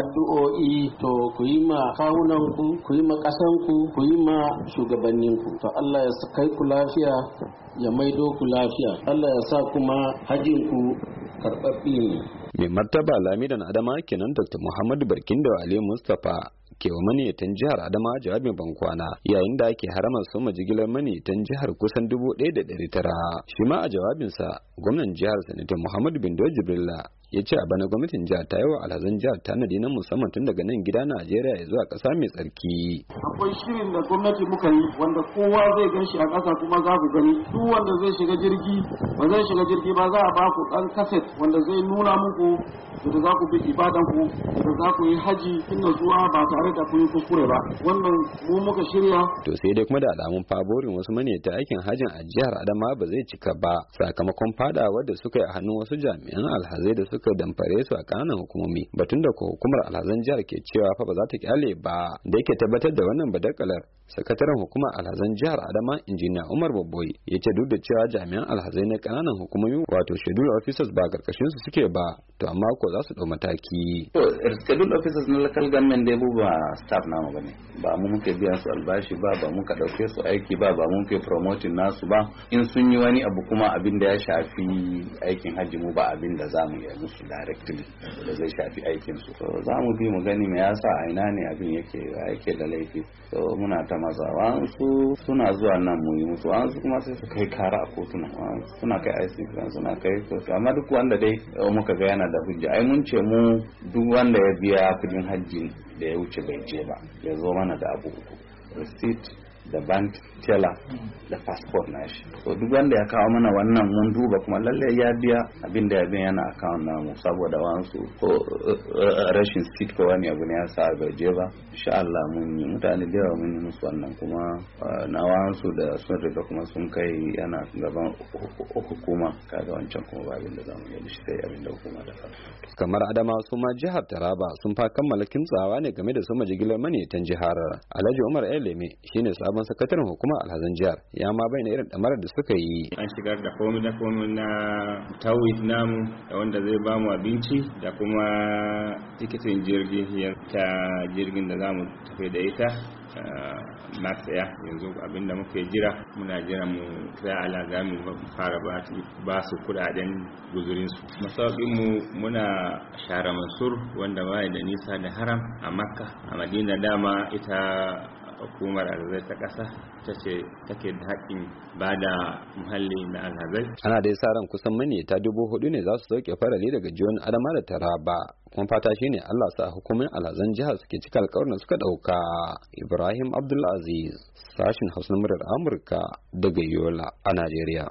addu'o'i to ku yi ma kawunanku. ku yi ma kasanku. ku yi ma shugabanninku. to Allah ya kai ku lafiya ya maido ku lafiya Allah ya sa kuma hajjinku ku karɓaɓɓe ne mai martaba lamidan adama kenan dr muhammadu barkindo ali mustapha ke wa maniyatan jihar adama jawabin bankwana yayin da ake haramar ma jigilar maniyatan jihar kusan dubu ɗaya da ɗari tara shi ma a jawabinsa gwamnan jihar sanata muhammadu bindo jibrilla ya ce a bana gwamnatin jihar ta yi wa alhazan jihar tanadi na musamman tun daga nan gida najeriya ya zuwa kasa mai tsarki akwai shirin da gwamnati muka yi wanda kowa zai gan shi a kasa kuma za ku gani duk wanda zai shiga jirgi ba zai shiga jirgi ba za a ba ku ɗan kaset wanda zai nuna muku da za ku bi ibadan ku da za ku yi haji kin zuwa ba tare da kun yi kuskure ba wannan mu muka shirya to sai dai kuma da alamun faborin wasu maneta aikin hajin a jihar adama ba zai cika ba sakamakon fadawar da suka yi a hannun wasu jami'an alhazai da suka suka damfare su a kananan hukumomi batun da hukumar alhazan jihar ke cewa fa ba za ta kyale ba da yake tabbatar da wannan badakalar sakataren hukumar alhazan jihar adama injiniya umar babboyi ya ce duk da cewa jami'an alhazai na kananan hukumomi wato schedule officers ba karkashin su suke ba to amma ko za su ɗau mataki. to schedule officers na local government dai ba staff namu ba ne ba mu muke biyan su albashi ba ba muka ɗauke su aiki ba ba muke promoting nasu ba in sun yi wani abu kuma abin da ya shafi aikin hajji mu ba abin da za mu yi musu directly da zai shafi aikin su so za mu bi mu gani me yasa a ina ne abin yake yake da laifi so muna ta mazawa su suna zuwa nan mu yi musu an su kuma sai su kai kara a kotuna suna kai ICC suna kai amma duk wanda dai muka ga yana da hujja ai mun ce mu duk wanda ya biya kudin hajji da ya wuce bai je ba ya zo mana da abu uku receipt da bank tela da passport na shi so duk wanda ya kawo mana wannan mun duba kuma lalle ya biya abin da ya biya yana account mu saboda wansu ko eh, rashin seat ko wani abu ne ya sa bai je ba insha Allah mun yi mutane da yawa mun yi musu wannan kuma eh, na wansu da sun riga kuma sun kai yana gaban hukuma kaga wancan kuma ba abin da zamu yi shi sai abin da hukuma da kamar Adama su ma jihar Taraba sun fa kammala kintsawa ne game da su majigilar tan jihar Alhaji Umar Eleme shine sabon babban sakataren hukuma alhazan jihar ya ma bayyana irin damarar da suka yi an shigar da komai da komai na tawid namu da wanda zai ba mu abinci da kuma tikitin jirgin hiyar ta jirgin da zamu mu tafi da ita na eh, tsaya yanzu abinda muke jira muna jira mu tsaya ala za mu fara ba su kudaden guzurin su masaukin mu muna share mansur wanda ba da nisa da haram a makka a madina dama ita hukumar alhazai ta ƙasa ta ce take da haƙƙin ba da muhalli na alhazai. ana dai sa ran kusan ta dubu hudu ne za su sauke farali daga jiyon adama da taraba kuma fata shi ne allah sa hukumin alhazan jihar suke cika alƙawarin suka ɗauka ibrahim abdulaziz sashin hausa na murar amurka daga yola a najeriya